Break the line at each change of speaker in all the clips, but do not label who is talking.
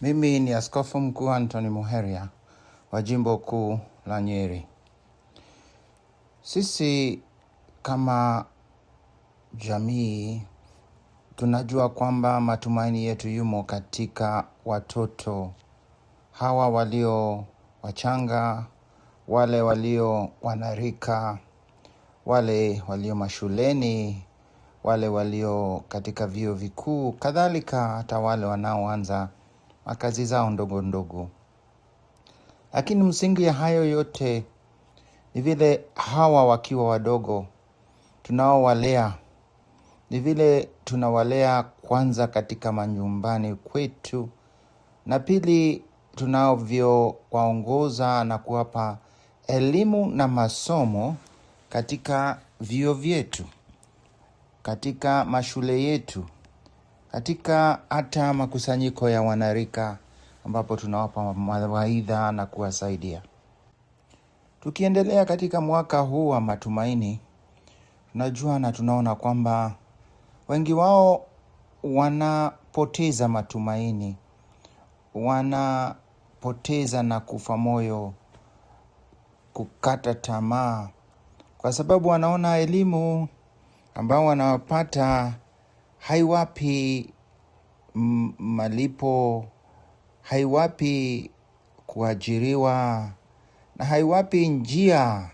Mimi ni Askofu Mkuu Anthony Muheria wa Jimbo Kuu la Nyeri. Sisi kama jamii tunajua kwamba matumaini yetu yumo katika watoto hawa walio wachanga, wale walio wanarika, wale walio mashuleni, wale walio katika vyuo vikuu, kadhalika hata wale wanaoanza wa kazi zao ndogo ndogo. Lakini msingi ya hayo yote ni vile hawa wakiwa wadogo tunaowalea ni vile tunawalea kwanza katika manyumbani kwetu, na pili tunavyowaongoza na kuwapa elimu na masomo katika vyuo vyetu, katika mashule yetu katika hata makusanyiko ya wanarika ambapo tunawapa mawaidha na kuwasaidia. Tukiendelea katika mwaka huu wa matumaini, tunajua na tunaona kwamba wengi wao wanapoteza matumaini, wanapoteza na kufa moyo, kukata tamaa, kwa sababu wanaona elimu ambao wanawapata haiwapi malipo, haiwapi kuajiriwa na haiwapi njia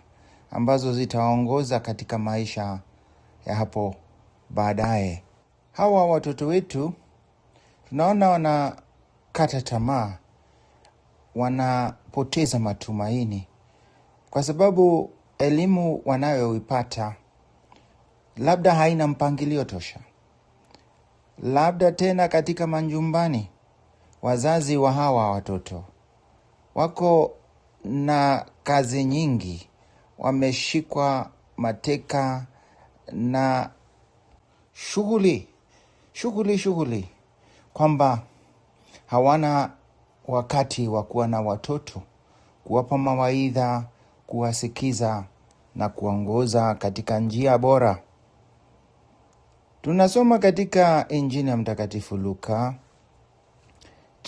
ambazo zitaongoza katika maisha ya hapo baadaye. Hawa watoto wetu tunaona wanakata tamaa, wanapoteza matumaini kwa sababu elimu wanayoipata labda haina mpangilio tosha labda tena katika majumbani. Wazazi wa hawa watoto wako na kazi nyingi, wameshikwa mateka na shughuli shughuli shughuli, kwamba hawana wakati wa kuwa na watoto, kuwapa mawaidha, kuwasikiza na kuongoza katika njia bora. Tunasoma katika Injili ya Mtakatifu Luka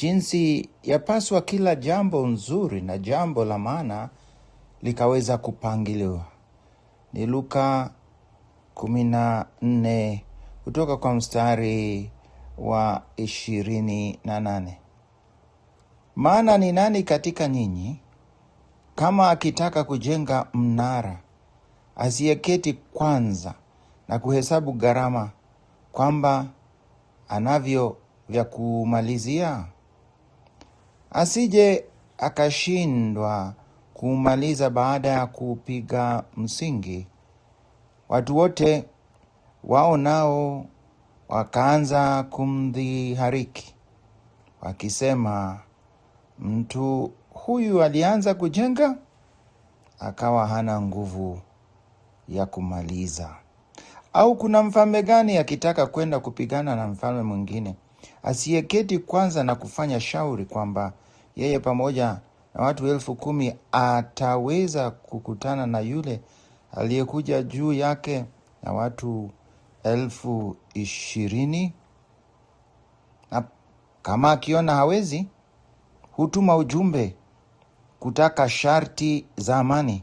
jinsi yapaswa kila jambo nzuri na jambo la maana likaweza kupangiliwa. Ni Luka 14 kutoka kwa mstari wa 28. Maana ni nani katika nyinyi kama akitaka kujenga mnara asiyeketi kwanza na kuhesabu gharama kwamba anavyo vya kumalizia, asije akashindwa kumaliza baada ya kupiga msingi. Watu wote wao nao wakaanza kumdhihariki wakisema, mtu huyu alianza kujenga akawa hana nguvu ya kumaliza. Au kuna mfalme gani akitaka kwenda kupigana na mfalme mwingine asiyeketi kwanza na kufanya shauri kwamba yeye pamoja na watu elfu kumi ataweza kukutana na yule aliyekuja juu yake na watu elfu ishirini? Na kama akiona hawezi, hutuma ujumbe kutaka sharti za amani,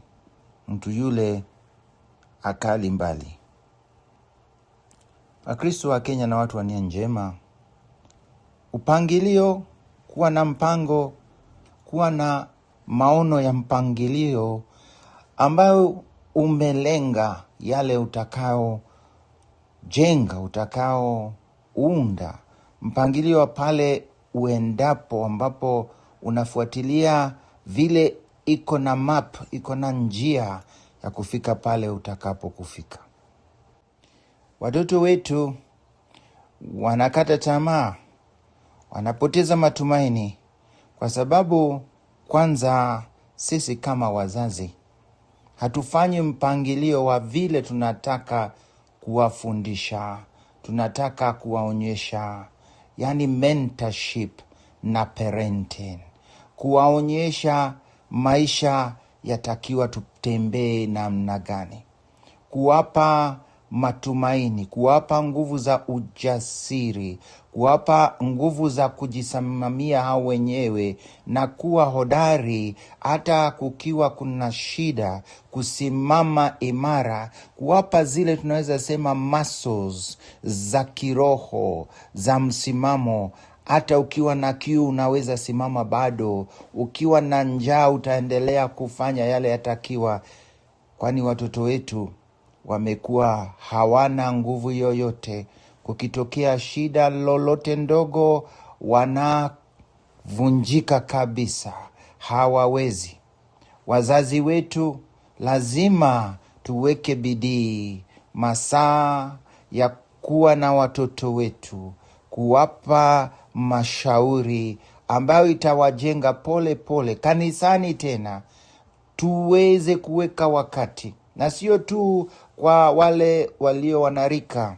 mtu yule akali mbali. Wakristo wa Kenya na watu wa nia njema, upangilio, kuwa na mpango, kuwa na maono ya mpangilio ambayo umelenga yale utakaojenga, utakaounda, mpangilio wa pale uendapo, ambapo unafuatilia vile iko na map, iko na njia ya kufika pale utakapokufika. Watoto wetu wanakata tamaa, wanapoteza matumaini, kwa sababu kwanza sisi kama wazazi hatufanyi mpangilio wa vile tunataka kuwafundisha, tunataka kuwaonyesha, yani mentorship na parenting, kuwaonyesha maisha yatakiwa tutembee namna gani, kuwapa matumaini, kuwapa nguvu za ujasiri, kuwapa nguvu za kujisimamia hao wenyewe na kuwa hodari hata kukiwa kuna shida, kusimama imara, kuwapa zile tunaweza sema muscles za kiroho za msimamo hata ukiwa na kiu unaweza simama bado, ukiwa na njaa utaendelea kufanya yale yatakiwa, kwani watoto wetu wamekuwa hawana nguvu yoyote. Kukitokea shida lolote ndogo, wanavunjika kabisa, hawawezi. Wazazi wetu lazima tuweke bidii masaa ya kuwa na watoto wetu, kuwapa mashauri ambayo itawajenga pole pole. Kanisani tena tuweze kuweka wakati na sio tu kwa wale walio wanarika.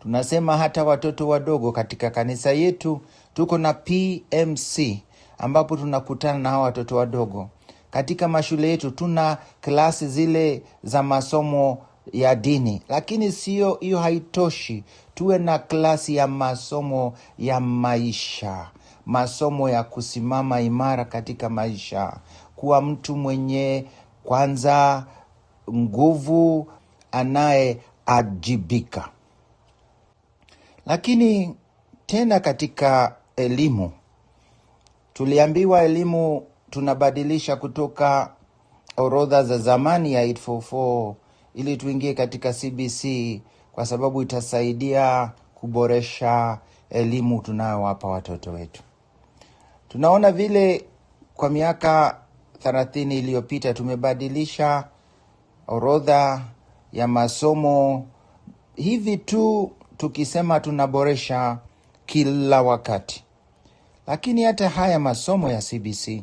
Tunasema hata watoto wadogo katika kanisa yetu tuko na PMC ambapo tunakutana na hawa watoto wadogo. Katika mashule yetu tuna klasi zile za masomo ya dini, lakini sio hiyo, haitoshi. Tuwe na klasi ya masomo ya maisha, masomo ya kusimama imara katika maisha, kuwa mtu mwenye kwanza nguvu anayeajibika. Lakini tena katika elimu tuliambiwa, elimu tunabadilisha kutoka orodha za zamani ya 844 ili tuingie katika CBC kwa sababu itasaidia kuboresha elimu tunayowapa watoto wetu. Tunaona vile kwa miaka thelathini iliyopita tumebadilisha orodha ya masomo hivi tu tukisema tunaboresha kila wakati, lakini hata haya masomo ya CBC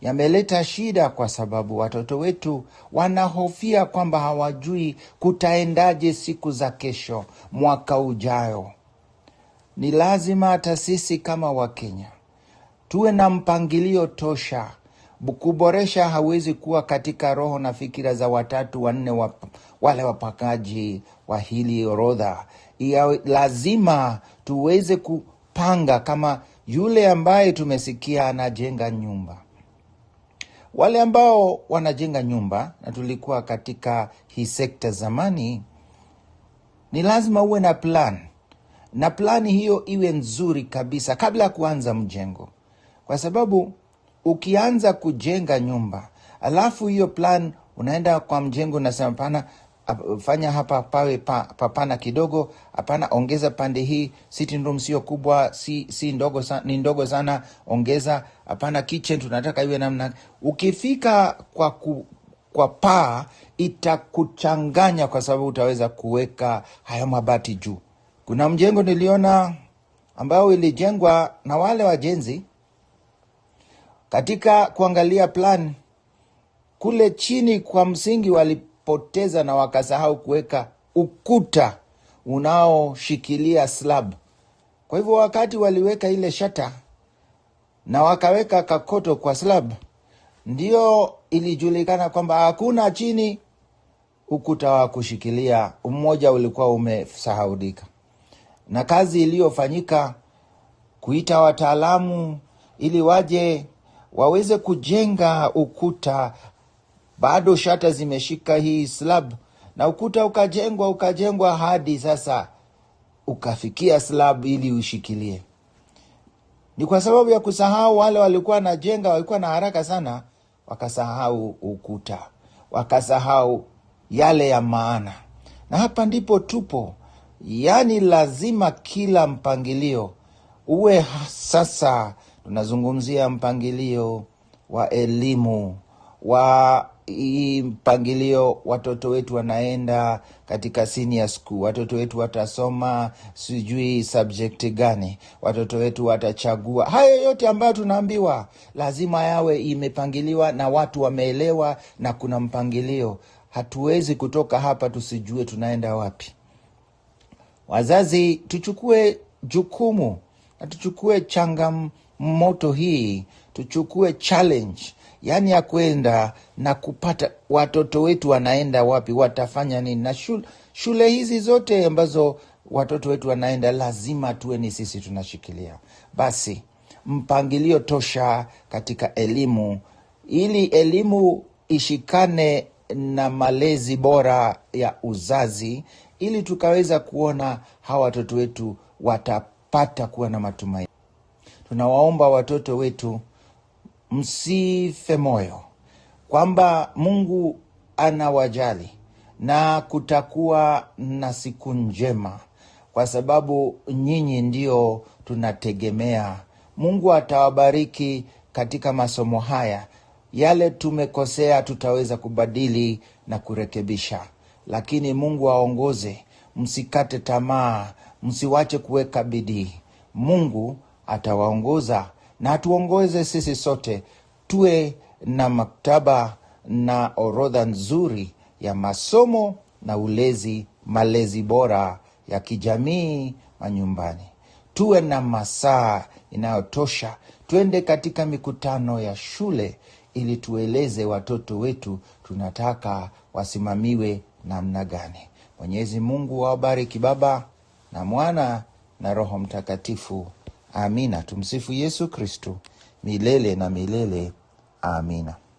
yameleta shida, kwa sababu watoto wetu wanahofia kwamba hawajui kutaendaje siku za kesho, mwaka ujayo. Ni lazima hata sisi kama Wakenya tuwe na mpangilio tosha kuboresha hawezi kuwa katika roho na fikira za watatu wanne wa, wale wapakaji wa hili orodha. Lazima tuweze kupanga kama yule ambaye tumesikia anajenga nyumba. Wale ambao wanajenga nyumba, na tulikuwa katika hii sekta zamani, ni lazima uwe na plan, na plani hiyo iwe nzuri kabisa kabla ya kuanza mjengo, kwa sababu ukianza kujenga nyumba alafu hiyo plan unaenda kwa mjengo unasema pana fanya hapa pawe pa, papana kidogo, hapana, ongeza pande hii. Sitting room sio kubwa, si, si ndogo sana, ni ndogo sana, ongeza. Hapana, kitchen tunataka iwe namna. Ukifika kwa ku, kwa paa itakuchanganya, kwa sababu utaweza kuweka haya mabati juu. Kuna mjengo niliona ambayo ilijengwa na wale wajenzi katika kuangalia plan kule chini kwa msingi walipoteza na wakasahau kuweka ukuta unaoshikilia slab. Kwa hivyo wakati waliweka ile shata na wakaweka kakoto kwa slab, ndio ilijulikana kwamba hakuna chini ukuta wa kushikilia, mmoja ulikuwa umesahaudika Na kazi iliyofanyika kuita wataalamu ili waje waweze kujenga ukuta, bado shata zimeshika hii slab, na ukuta ukajengwa ukajengwa hadi sasa ukafikia slab ili ushikilie. Ni kwa sababu ya kusahau, wale walikuwa wanajenga walikuwa na haraka sana, wakasahau ukuta, wakasahau yale ya maana. Na hapa ndipo tupo, yaani lazima kila mpangilio uwe sasa tunazungumzia mpangilio wa elimu wa hii mpangilio, watoto wetu wanaenda katika senior school, watoto wetu watasoma sijui subject gani, watoto wetu watachagua. Hayo yote ambayo tunaambiwa lazima yawe imepangiliwa na watu wameelewa na kuna mpangilio. Hatuwezi kutoka hapa tusijue tunaenda wapi. Wazazi tuchukue jukumu na tuchukue changam moto hii, tuchukue challenge yaani ya kwenda na kupata watoto wetu wanaenda wapi, watafanya nini, na shule, shule hizi zote ambazo watoto wetu wanaenda, lazima tuwe ni sisi tunashikilia basi mpangilio tosha katika elimu ili elimu ishikane na malezi bora ya uzazi ili tukaweza kuona hawa watoto wetu watapata kuwa na matumaini. Tunawaomba watoto wetu msife moyo kwamba Mungu anawajali na kutakuwa na siku njema, kwa sababu nyinyi ndio tunategemea. Mungu atawabariki katika masomo haya. Yale tumekosea tutaweza kubadili na kurekebisha, lakini Mungu aongoze. Msikate tamaa, msiwache kuweka bidii. Mungu atawaongoza na atuongoze sisi sote tuwe na maktaba na orodha nzuri ya masomo na ulezi, malezi bora ya kijamii manyumbani. Tuwe na masaa inayotosha, tuende katika mikutano ya shule ili tueleze watoto wetu tunataka wasimamiwe namna gani. Mwenyezi Mungu wawabariki Baba na Mwana na Roho Mtakatifu. Amina. Tumsifu Yesu Kristu milele na milele. Amina.